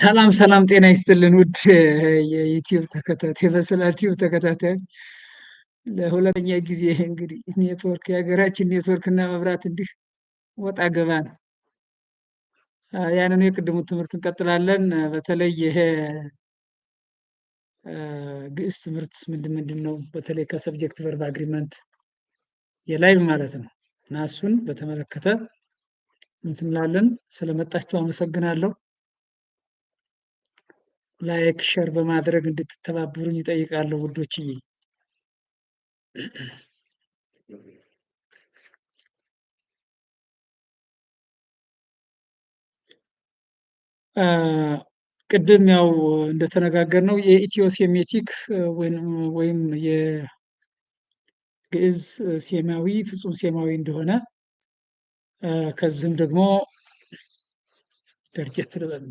ሰላም ሰላም፣ ጤና ይስጥልን ውድ የዩቲዩብ ተከታታይ በስላ ቲዩብ ተከታታዮች ለሁለተኛ ጊዜ እንግዲህ ኔትወርክ የሀገራችን ኔትወርክ እና መብራት እንዲህ ወጣ ገባ ነው። ያንን የቅድሙ ትምህርት እንቀጥላለን። በተለይ ይሄ ግዕዝ ትምህርት ምንድን ምንድን ነው? በተለይ ከሰብጀክት ቨርብ አግሪመንት የላይቭ ማለት ነው እና እሱን በተመለከተ እንትን ስለመጣችሁ አመሰግናለሁ። ላይክ ሸር በማድረግ እንድትተባበሩኝ ይጠይቃለሁ ውዶችዬ። ቅድም ያው እንደተነጋገርነው የኢትዮ ሴሜቲክ ወይም የግዕዝ ሴማዊ ፍጹም ሴማዊ እንደሆነ ከዚህም ደግሞ ደርጀት ልበል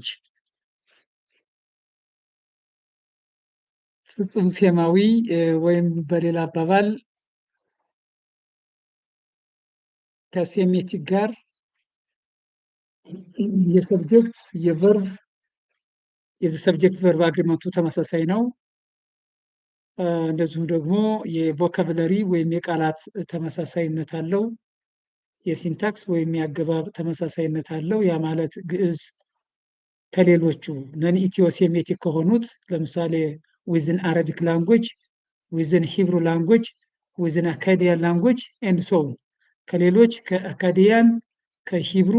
ፍጹም ሴማዊ ወይም በሌላ አባባል ከሴሜቲክ ጋር የሰብጀክት የቨርቭ የዚህ ሰብጀክት ቨርቭ አግሪመንቱ ተመሳሳይ ነው። እንደዚሁም ደግሞ የቮካብለሪ ወይም የቃላት ተመሳሳይነት አለው። የሲንታክስ ወይም የአገባብ ተመሳሳይነት አለው። ያ ማለት ግዕዝ ከሌሎቹ ነን ኢትዮ ሴሜቲክ ከሆኑት ለምሳሌ ዊዝን አረቢክ language, ዊዝን ሂብሩ language, within አካዲያን language, and so ከሌሎች ከአካዲያን ከሂብሩ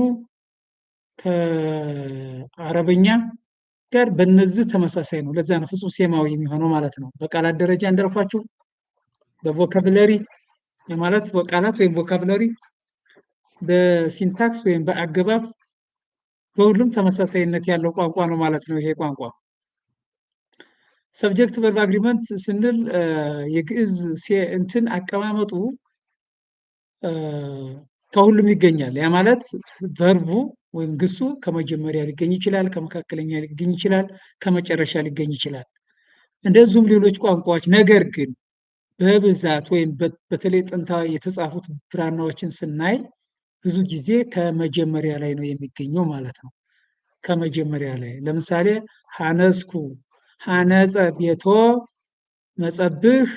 ከአረበኛ ጋር በነዚህ ተመሳሳይ ነው። ለዛ ነው ፍጹም ሴማዊ የሚሆነው ማለት ነው። በቃላት ደረጃ እንዳልኳችሁ በቮካብለሪ ማለት ቃላት ወይም ቮካብለሪ በሲንታክስ ወይም በአገባብ በሁሉም ተመሳሳይነት ያለው ቋንቋ ነው ማለት ነው ይሄ ቋንቋ። ሰብጀክት ቨርብ አግሪመንት ስንል የግዕዝ እንትን አቀማመጡ ከሁሉም ይገኛል። ያ ማለት ቨርቡ ወይም ግሱ ከመጀመሪያ ሊገኝ ይችላል፣ ከመካከለኛ ሊገኝ ይችላል፣ ከመጨረሻ ሊገኝ ይችላል። እንደዚሁም ሌሎች ቋንቋዎች። ነገር ግን በብዛት ወይም በተለይ ጥንታዊ የተጻፉት ብራናዎችን ስናይ ብዙ ጊዜ ከመጀመሪያ ላይ ነው የሚገኘው ማለት ነው። ከመጀመሪያ ላይ ለምሳሌ ሀነስኩ ሃነፀ ቤቶ መጸብህ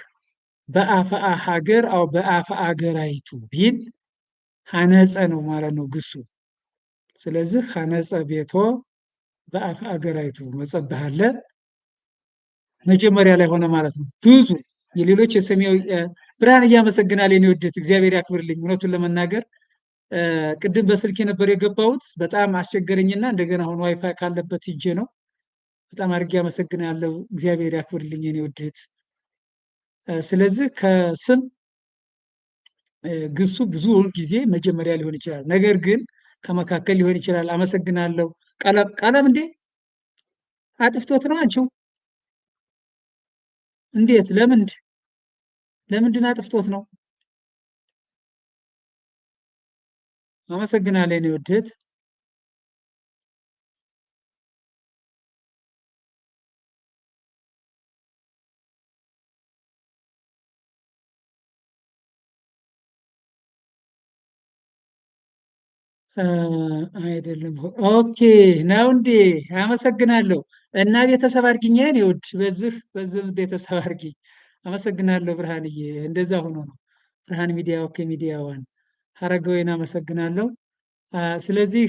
በአፈአ ሀገር አው በአፈአ ሀገራይቱ ቢል ሃነፀ ነው ማለት ነው ግሱ። ስለዚህ ሃነፀ ቤቶ በአፈአ ሀገራይቱ መጸብህ አለ መጀመሪያ ላይ ሆነ ማለት ነው። ብዙ የሌሎች የሰማያዊ ብርሃን እያመሰግናል የኔ ወደት እግዚአብሔር ያክብርልኝ። እውነቱን ለመናገር ቅድም በስልክ የነበር የገባሁት በጣም አስቸገረኝና እንደገና አሁን ዋይፋይ ካለበት ሂጄ ነው በጣም አድርጌ አመሰግናለሁ። እግዚአብሔር ያክብርልኝ የኔ ውድ ስለዚህ ከስም ግሱ ብዙውን ጊዜ መጀመሪያ ሊሆን ይችላል። ነገር ግን ከመካከል ሊሆን ይችላል። አመሰግናለሁ። ቀለም ቀለም እንዴ አጥፍቶት ነው አንቺው? እንዴት? ለምንድ ለምንድን አጥፍቶት ነው? አመሰግናለሁ የኔ እኔ እህት። አይደለም። ኦኬ ነው እንዴ? አመሰግናለሁ። እና ቤተሰብ አድርጊኝ የኔ ውድ፣ በዚህ በዚህ ቤተሰብ አድርጊኝ። አመሰግናለሁ ብርሃንዬ። እንደዛ ሆኖ ነው ብርሃን ሚዲያ ኦኬ ሚዲያ ዋን ሀረገወይን አመሰግናለሁ። ስለዚህ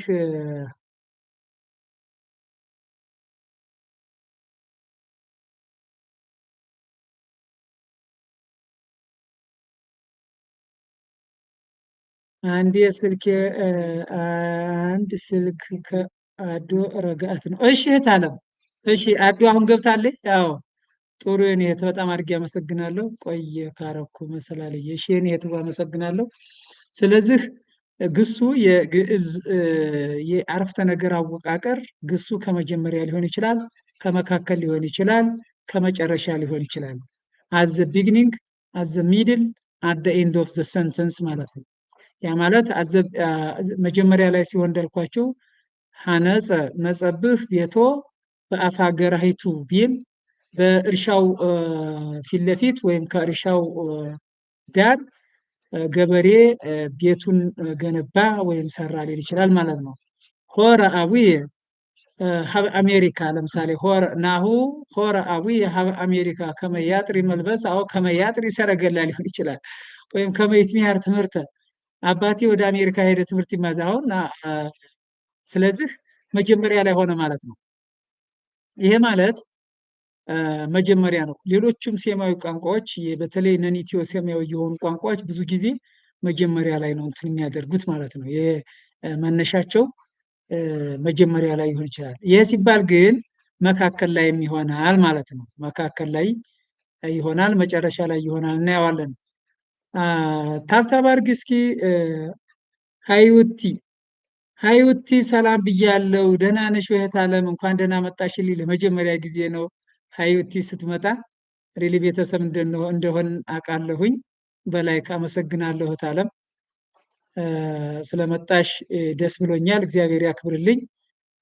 አንድ የስልክ አንድ ስልክ ከአዶ ረጋት ነው። እሺ እህት አለም እሺ አዶ አሁን ገብታለች። ያው ጥሩ የኔ እህት በጣም አድርጌ አመሰግናለሁ። ቆየ ካረኩ መሰላለኝ። እሺ የኔ እህት አመሰግናለሁ። ስለዚህ ግሱ የግዕዝ የአረፍተ ነገር አወቃቀር ግሱ ከመጀመሪያ ሊሆን ይችላል፣ ከመካከል ሊሆን ይችላል፣ ከመጨረሻ ሊሆን ይችላል። አዘ ቢግኒንግ አዘ ሚድል አደ ኤንድ ኦፍ ዘ ሰንተንስ ማለት ነው። ያ ማለት መጀመሪያ ላይ ሲሆን እንዳልኳችሁ ሐነፀ መጸብህ ቤቶ በአፋገራሂቱ ቢል በእርሻው ፊት ለፊት ወይም ከእርሻው ዳር ገበሬ ቤቱን ገነባ ወይም ሰራ ሊል ይችላል ማለት ነው። ሆረ አቡየ ሀብ አሜሪካ ለምሳሌ ናሁ ሆረ አዊ ሀብ አሜሪካ ከመያጥሪ መልበስ አዎ ከመያጥሪ ሰረገላ ሊሆን ይችላል ወይም ከመይትሚያር ትምህርተ አባቴ ወደ አሜሪካ ሄደ ትምህርት ይማዛ አሁን ስለዚህ መጀመሪያ ላይ ሆነ ማለት ነው። ይሄ ማለት መጀመሪያ ነው። ሌሎችም ሴማዊ ቋንቋዎች በተለይ ነን ኢትዮ ሴማዊ የሆኑ ቋንቋዎች ብዙ ጊዜ መጀመሪያ ላይ ነው እንትን የሚያደርጉት ማለት ነው። መነሻቸው መጀመሪያ ላይ ይሆን ይችላል። ይህ ሲባል ግን መካከል ላይም ይሆናል ማለት ነው። መካከል ላይ ይሆናል፣ መጨረሻ ላይ ይሆናል እናየዋለን። ታብታብ አድርግ እስኪ። ሀይውቲ ሀይውቲ ሰላም ብያለው። ደህና ነሽ እህት አለም? እንኳን ደህና መጣሽ ለመጀመሪያ ጊዜ ነው ሀይውቲ ስትመጣ። ሪሊ ቤተሰብ እንደሆን አውቃለሁኝ። በላይ ካመሰግናለሁ እህት አለም ስለመጣሽ ደስ ብሎኛል። እግዚአብሔር ያክብርልኝ፣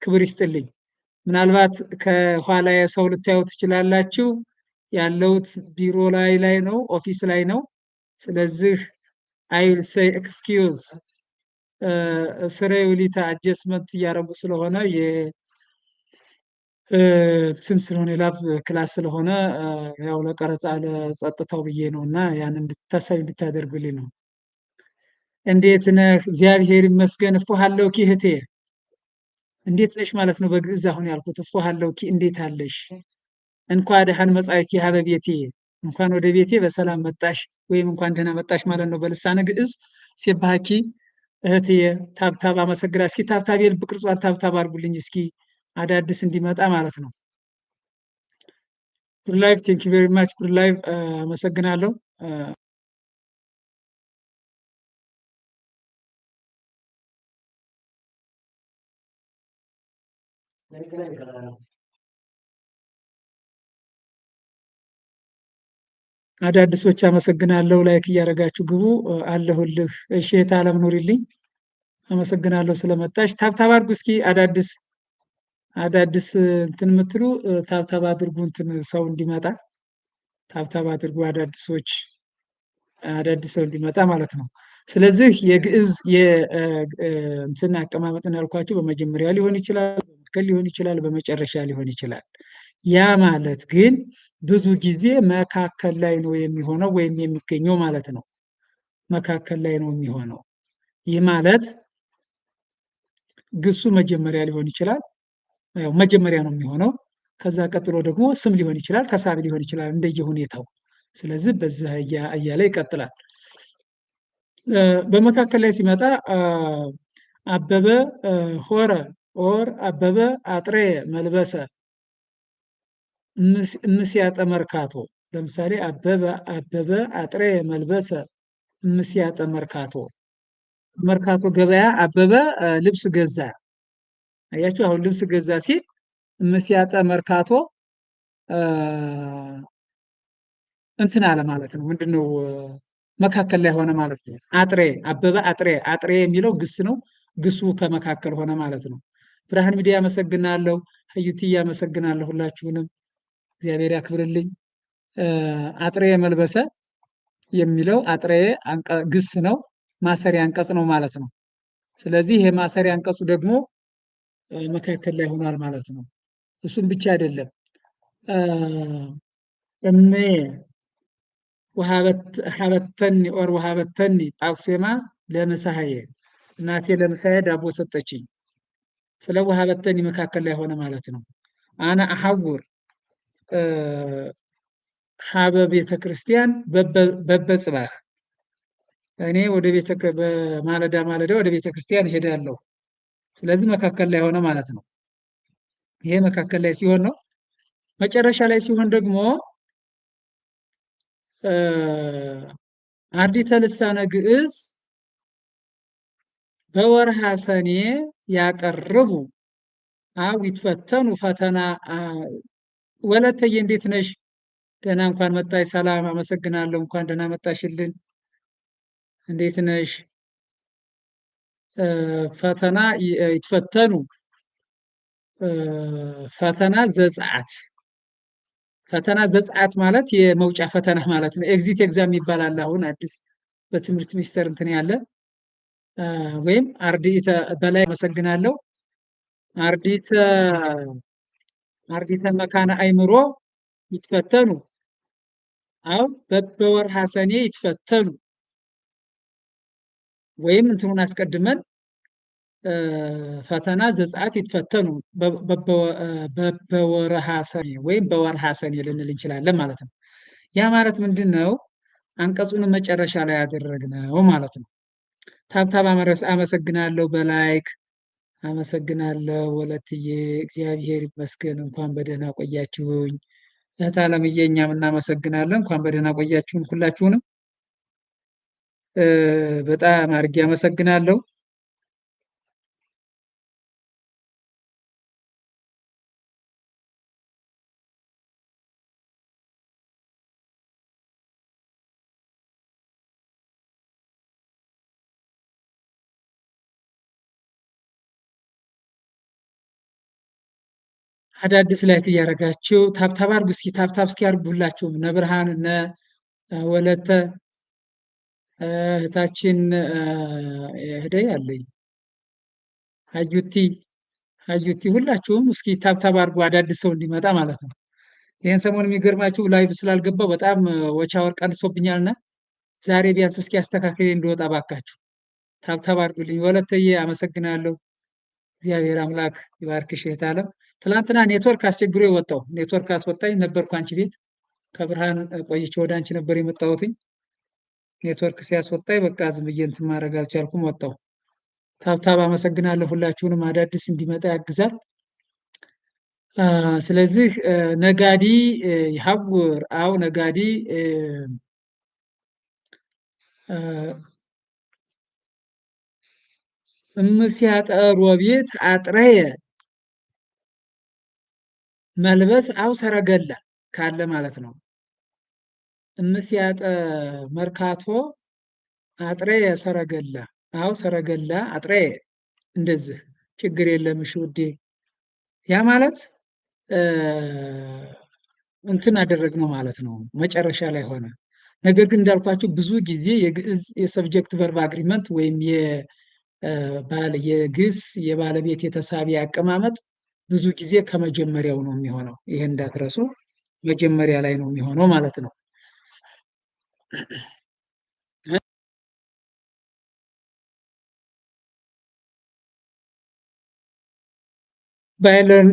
ክብር ይስጥልኝ። ምናልባት ከኋላ የሰው ልታዩ ትችላላችሁ። ያለሁት ቢሮ ላይ ላይ ነው ኦፊስ ላይ ነው ስለዚህ አይል ሰይ ሴይ ኤክስኪውዝ ውሊታ አጀስመንት እያደረጉ ስለሆነ uh, ትን ስለሆነ የላብ ክላስ ስለሆነ uh, ያው ለቀረጻ ለጸጥታው ብዬ ነው እና ያን እንድታሳቢ እንድታደርጉልኝ ነው። እንዴት ነህ? እግዚአብሔር ይመስገን። እፎሃለሁ ኪ እህቴ እንዴት ነሽ ማለት ነው በግዕዝ አሁን ያልኩት። እፎሃለሁ ኪ እንዴት አለሽ? እንኳ ደህን መጻእኪ ሀበ ቤትየ እንኳን ወደ ቤቴ በሰላም መጣሽ ወይም እንኳን ደህና መጣሽ ማለት ነው በልሳነ ግዕዝ። ሴባኪ እህትየ ታብታብ አመሰግና። እስኪ ታብታብ የልብ ቅርጿን ታብታብ አድርጉልኝ እስኪ አዳዲስ እንዲመጣ ማለት ነው። ጉድ ላይፍ ቴንክ ዩ ቬሪ ማች ጉድ ላይቭ አመሰግናለሁ። አዳዲሶች አመሰግናለሁ። ላይክ እያደረጋችሁ ግቡ። አለሁልህ። እሺ፣ የታለም ኑሪልኝ። አመሰግናለሁ ስለመጣሽ። ታብታብ አድርጉ እስኪ አዳዲስ አዳዲስ እንትን የምትሉ ታብታብ አድርጉ፣ እንትን ሰው እንዲመጣ ታብታብ አድርጉ። አዳዲሶች አዳዲስ ሰው እንዲመጣ ማለት ነው። ስለዚህ የግዕዝ የእንትን አቀማመጥን ያልኳቸው በመጀመሪያ ሊሆን ይችላል፣ በመካከል ሊሆን ይችላል፣ በመጨረሻ ሊሆን ይችላል። ያ ማለት ግን ብዙ ጊዜ መካከል ላይ ነው የሚሆነው ወይም የሚገኘው ማለት ነው። መካከል ላይ ነው የሚሆነው። ይህ ማለት ግሱ መጀመሪያ ሊሆን ይችላል፣ መጀመሪያ ነው የሚሆነው። ከዛ ቀጥሎ ደግሞ ስም ሊሆን ይችላል፣ ተሳቢ ሊሆን ይችላል እንደየሁኔታው። ስለዚህ በዚህ እያለ ይቀጥላል። በመካከል ላይ ሲመጣ አበበ ሆረ ኦር አበበ አጥሬ መልበሰ ምስያጠ መርካቶ ለምሳሌ አበበ አበበ አጥሬ መልበሰ ምስያጠ መርካቶ መርካቶ ገበያ አበበ ልብስ ገዛ። አያችሁ አሁን ልብስ ገዛ ሲል ምስያጠ መርካቶ እንትን አለ ማለት ነው። ምንድነው መካከል ላይ ሆነ ማለት ነው። አጥሬ አበበ አጥሬ አጥሬ የሚለው ግስ ነው። ግሱ ከመካከል ሆነ ማለት ነው። ብርሃን ሚዲያ አመሰግናለሁ። ሀዩቲ አመሰግናለሁ ሁላችሁንም። እግዚአብሔር ያክብርልኝ። አጥሬ መልበሰ የሚለው አጥሬ ግስ ነው፣ ማሰሪያ አንቀጽ ነው ማለት ነው። ስለዚህ ይሄ ማሰሪያ አንቀጹ ደግሞ መካከል ላይ ሆኗል ማለት ነው። እሱም ብቻ አይደለም እሜ ውሃበተኒ ኦር ውሃበተኒ ጳኩሴማ ለምሳሀዬ እናቴ ለምሳዬ ዳቦ ሰጠችኝ። ስለ ውሃበተኒ መካከል ላይ ሆነ ማለት ነው። አነ አሐውር ሀበ ቤተ ክርስቲያን በበጽባህ እኔ ወደ ቤተ በማለዳ ማለዳ ወደ ቤተ ክርስቲያን ሄዳለሁ። ስለዚህ መካከል ላይ ሆነ ማለት ነው። ይሄ መካከል ላይ ሲሆን ነው። መጨረሻ ላይ ሲሆን ደግሞ አርዲተ ልሳነ ግዕዝ በወርሃ ሰኔ ያቀርቡ አው ይትፈተኑ ፈተና ወለተዬ እንዴት ነሽ? ደህና እንኳን መጣሽ። ሰላም አመሰግናለሁ። እንኳን ደህና መጣሽልን። እንዴት ነሽ? ፈተና ይትፈተኑ ፈተና ዘጸአት ፈተና ዘጸአት ማለት የመውጫ ፈተና ማለት ነው። ኤግዚት ኤግዛም ይባላል። አሁን አዲስ በትምህርት ሚኒስቴር እንትን ያለ ወይም አርዲተ በላይ አመሰግናለሁ። አርዲተ አርቢተ መካነ አይምሮ ይትፈተኑ አው በበወርሃ ሰኔ ይትፈተኑ ወይም እንትኑን አስቀድመን ፈተና ዘጸአት ይትፈተኑ በወርሃ ሰኔ ወይም በወርሃ ሰኔ ልንል እንችላለን ማለት ነው። ያ ማለት ምንድን ነው? አንቀጹን መጨረሻ ላይ ያደረግነው ማለት ነው። ታብታብ አመሰግናለሁ በላይክ አመሰግናለሁ ወለትዬ፣ እግዚአብሔር ይመስገን። እንኳን በደህና ቆያችሁኝ። እህት አለምዬ እኛም እናመሰግናለን። እንኳን በደህና ቆያችሁን ሁላችሁንም በጣም አድርጌ አመሰግናለሁ። አዳዲስ ላይክ እያደረጋችሁ ታብታብ አርጉ። እስኪ ታብታብ እስኪ ያርጉላችሁ። እነ ብርሃን እነ ወለተ እህታችን ህደይ አለኝ አዩቲ አዩቲ ሁላችሁም እስኪ ታብታብ አርጉ፣ አዳዲስ ሰው እንዲመጣ ማለት ነው። ይህን ሰሞን የሚገርማችሁ ላይቭ ስላልገባው በጣም ወቻወር ቀንሶብኛልና ዛሬ ቢያንስ እስኪ አስተካክሌ እንድወጣ ባካችሁ ታብታብ አርጉልኝ። ወለተዬ አመሰግናለሁ። እግዚአብሔር አምላክ ይባርክሽ እህት ትላንትና ኔትወርክ አስቸግሮ የወጣው ኔትወርክ አስወጣኝ ነበርኩ አንቺ ቤት ከብርሃን ቆይቼ ወደ አንቺ ነበር የመጣሁትኝ። ኔትወርክ ሲያስወጣኝ በቃ ዝም ብዬ እንትን ማድረግ አልቻልኩም ወጣው ታብታብ አመሰግናለሁ። ሁላችሁንም አዳዲስ እንዲመጣ ያግዛል። ስለዚህ ነጋዲ ይሐውር አው ነጋዲ እምሲያጠር ቤት አጥረየ መልበስ አው ሰረገላ ካለ ማለት ነው። እምሲያጠ መርካቶ አጥሬ ሰረገለ አው ሰረገላ አጥሬ እንደዚህ ችግር የለም እሺ ውዴ። ያ ማለት እንትን አደረግነው ማለት ነው፣ መጨረሻ ላይ ሆነ። ነገር ግን እንዳልኳቸው ብዙ ጊዜ የግዕዝ የሰብጀክት ቨርብ አግሪመንት ወይም የግስ የባለቤት የተሳቢ አቀማመጥ ብዙ ጊዜ ከመጀመሪያው ነው የሚሆነው። ይህ እንዳትረሱ፣ መጀመሪያ ላይ ነው የሚሆነው ማለት ነው። ባይለን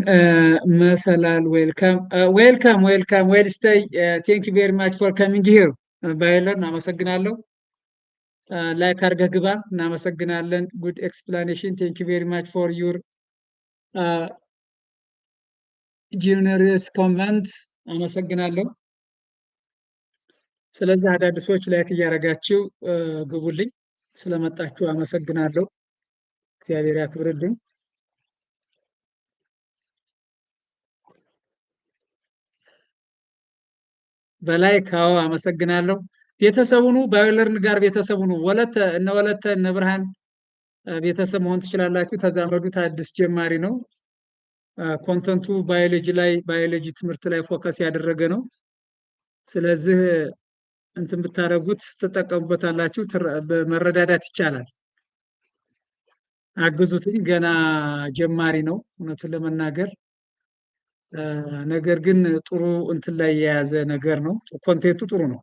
መሰላል ዌልካም ዌልካም ዌልካም ስቴይ ቴንክ ቬሪ ማች ፎር ካሚንግ ሂር ባይለን አመሰግናለሁ። ላይክ አድርገህ ግባ። እናመሰግናለን። ጉድ ኤክስፕላኔሽን ቴንክ ቬሪ ማች ፎር ዩር ጊዩነርስ ኮንቨንት አመሰግናለሁ። ስለዚህ አዳዲሶች ላይክ እያደረጋችሁ ግቡልኝ። ስለመጣችሁ አመሰግናለሁ። እግዚአብሔር ያክብርልኝ። በላይ ካዎ አመሰግናለሁ። ቤተሰቡኑ ባዮለርን ጋር ቤተሰቡኑ ወለተ እነ ወለተ እነ ብርሃን ቤተሰብ መሆን ትችላላችሁ። ተዛመዱት። አዲስ ጀማሪ ነው። ኮንተንቱ ባዮሎጂ ላይ ባዮሎጂ ትምህርት ላይ ፎከስ ያደረገ ነው። ስለዚህ እንትን ብታደርጉት ትጠቀሙበታላችሁ። መረዳዳት ይቻላል። አግዙትኝ ገና ጀማሪ ነው እውነቱን ለመናገር ነገር ግን ጥሩ እንትን ላይ የያዘ ነገር ነው። ኮንቴንቱ ጥሩ ነው።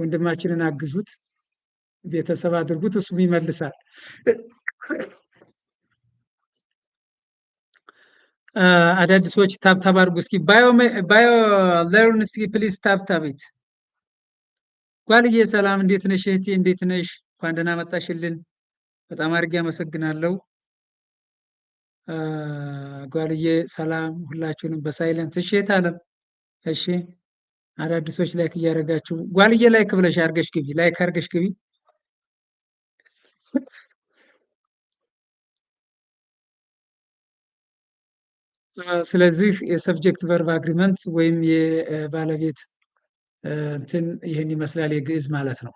ወንድማችንን አግዙት፣ ቤተሰብ አድርጉት፣ እሱም ይመልሳል። አዳዲሶች ታብታብ አድርጉ እስኪ። ባዮ ለርን እስኪ ፕሊዝ ታብታቢት ጓልዬ ሰላም፣ እንዴት ነሽ እህቴ? እንዴት ነሽ? እንኳን ደህና መጣሽልን። በጣም አድርጌ አመሰግናለሁ። ጓልዬ ሰላም፣ ሁላችሁንም በሳይለንት እሺ። የት አለም እሺ። አዳዲሶች ላይክ እያደረጋችሁ ጓልዬ ላይክ ብለሽ አድርገሽ ግቢ፣ ላይክ አድርገሽ ግቢ ስለዚህ የሰብጀክት ቨርብ አግሪመንት ወይም የባለቤት እንትን ይህን ይመስላል የግዕዝ ማለት ነው።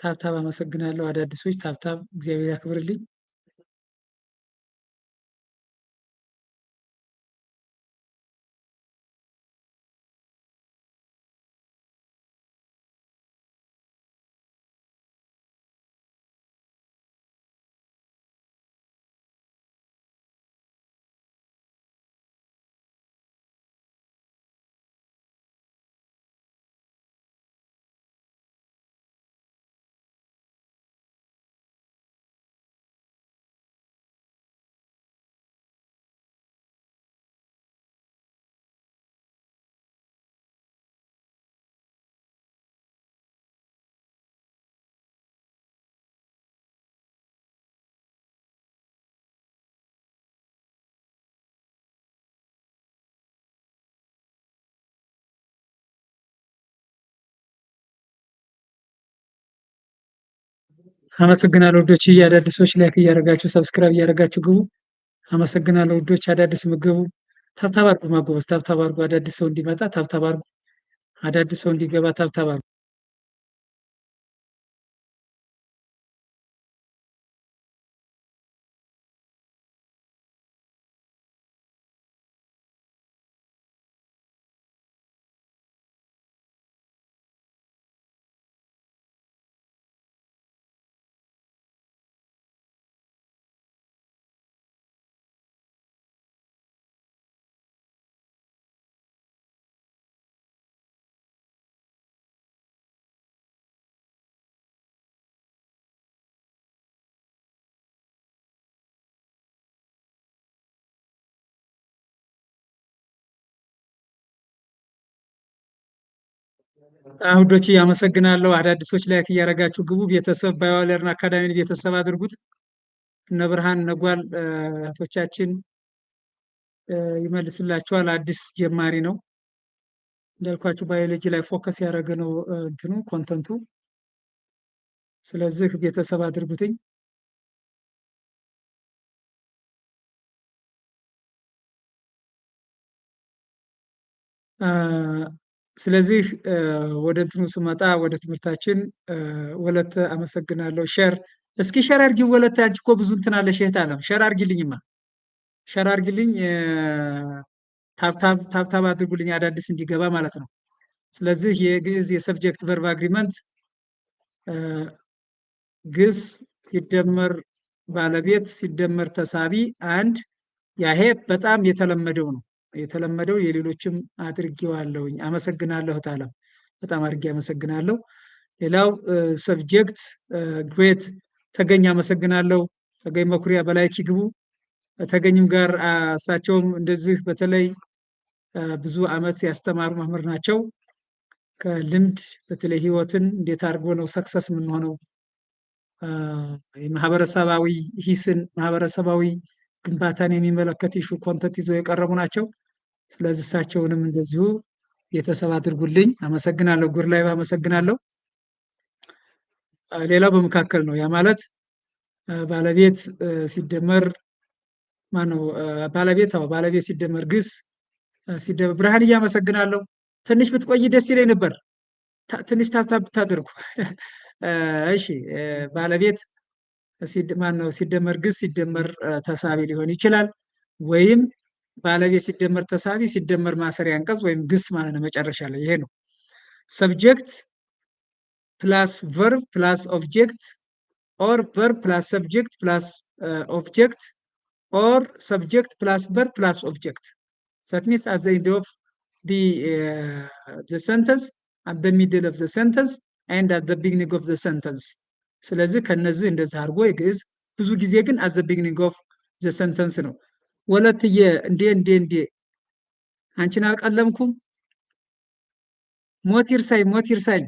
ታብታብ አመሰግናለሁ። አዳዲሶች ታብታብ እግዚአብሔር ያክብርልኝ። አመሰግናለሁ ውዶች፣ እያዳዲሶች ላይክ እያደረጋችሁ ሰብስክራይብ እያደረጋችሁ ግቡ። አመሰግናለሁ ውዶች፣ አዳዲስ ምግቡ ታብታብ አድርጉ። ማጎበዝ ታብታብ አድርጉ። አዳዲስ ሰው እንዲመጣ ታብታብ አድርጉ። አዳዲስ ሰው እንዲገባ ታብታብ አድርጉ። አሁዶች ያመሰግናለሁ። አዳዲሶች ላይክ እያደረጋችሁ ግቡ። ቤተሰብ ባዮለርን አካዳሚን ቤተሰብ አድርጉት። እነ ብርሃን ነጓል እህቶቻችን ይመልስላችኋል። አዲስ ጀማሪ ነው እንዳልኳችሁ ባዮሎጂ ላይ ፎከስ ያደረገ ነው እንትኑ ኮንተንቱ። ስለዚህ ቤተሰብ አድርጉትኝ። ስለዚህ ወደ እንትኑ ስመጣ ወደ ትምህርታችን ወለተ አመሰግናለሁ። ሸር እስኪ ሸር አርጊ ወለተ፣ አንቺ እኮ ብዙ እንትን አለ እህት አለም። ሸር አርጊልኝማ፣ ሸር አርጊልኝ፣ ታብታብ ታብታብ አድርጉልኝ አዳዲስ እንዲገባ ማለት ነው። ስለዚህ የግዕዝ የሰብጀክት ቨርብ አግሪመንት ግስ ሲደመር ባለቤት ሲደመር ተሳቢ አንድ ያሄ በጣም የተለመደው ነው። የተለመደው የሌሎችም አድርጌዋለሁኝ። አመሰግናለሁ ታለም በጣም አድርጌ አመሰግናለሁ። ሌላው ሰብጀክት ግሬት ተገኝ አመሰግናለሁ። ተገኝ መኩሪያ በላይክ ይግቡ። ተገኝም ጋር እሳቸውም እንደዚህ በተለይ ብዙ አመት ያስተማሩ መምህር ናቸው። ከልምድ በተለይ ህይወትን እንዴት አድርጎ ነው ሰክሰስ የምንሆነው የማህበረሰባዊ ሂስን ማህበረሰባዊ ግንባታን የሚመለከት ኢሹ ኮንተንት ይዘው የቀረቡ ናቸው። ስለዚህ እሳቸውንም እንደዚሁ ቤተሰብ አድርጉልኝ። አመሰግናለሁ። ጉር ላይ አመሰግናለሁ። ሌላው በመካከል ነው። ያ ማለት ባለቤት ሲደመር ማነው? ባለቤት አዎ፣ ባለቤት ሲደመር ግስ ሲደመር ብርሃን እያመሰግናለሁ። ትንሽ ብትቆይ ደስ ይለኝ ነበር። ትንሽ ታብታብ ብታደርጉ። እሺ፣ ባለቤት ማነው? ሲደመር ግስ ሲደመር ተሳቢ ሊሆን ይችላል ወይም ባለቤት ሲደመር ተሳቢ ሲደመር ማሰሪያ አንቀጽ ወይም ግስ ማለት ነው። መጨረሻ ላይ ይሄ ነው። ሰብጀክት ፕላስ ቨርብ ፕላስ ኦብጀክት ኦር ቨርብ ፕላስ ሰብጀክት ፕላስ ኦብጀክት ኦር ሰብጀክት ፕላስ ቨርብ ፕላስ ኦብጀክት ሰትሚስ አዘ ኢንድ ኦፍ ዘ ሰንተንስ አት ዘ ሚድል ኦፍ ዘ ሰንተንስ ኤንድ አት ዘ ቢግኒንግ ኦፍ ዘ ሰንተንስ። ስለዚህ ከነዚህ እንደዚህ አድርጎ የግዕዝ ብዙ ጊዜ ግን አት ዘ ቢግኒንግ ኦፍ ዘ ሰንተንስ ነው። ወለትዬ እንዴ እንዴ እንዴ አንቺን አልቀለምኩም። ሞት ይርሳኝ ሞት ይርሳኝ።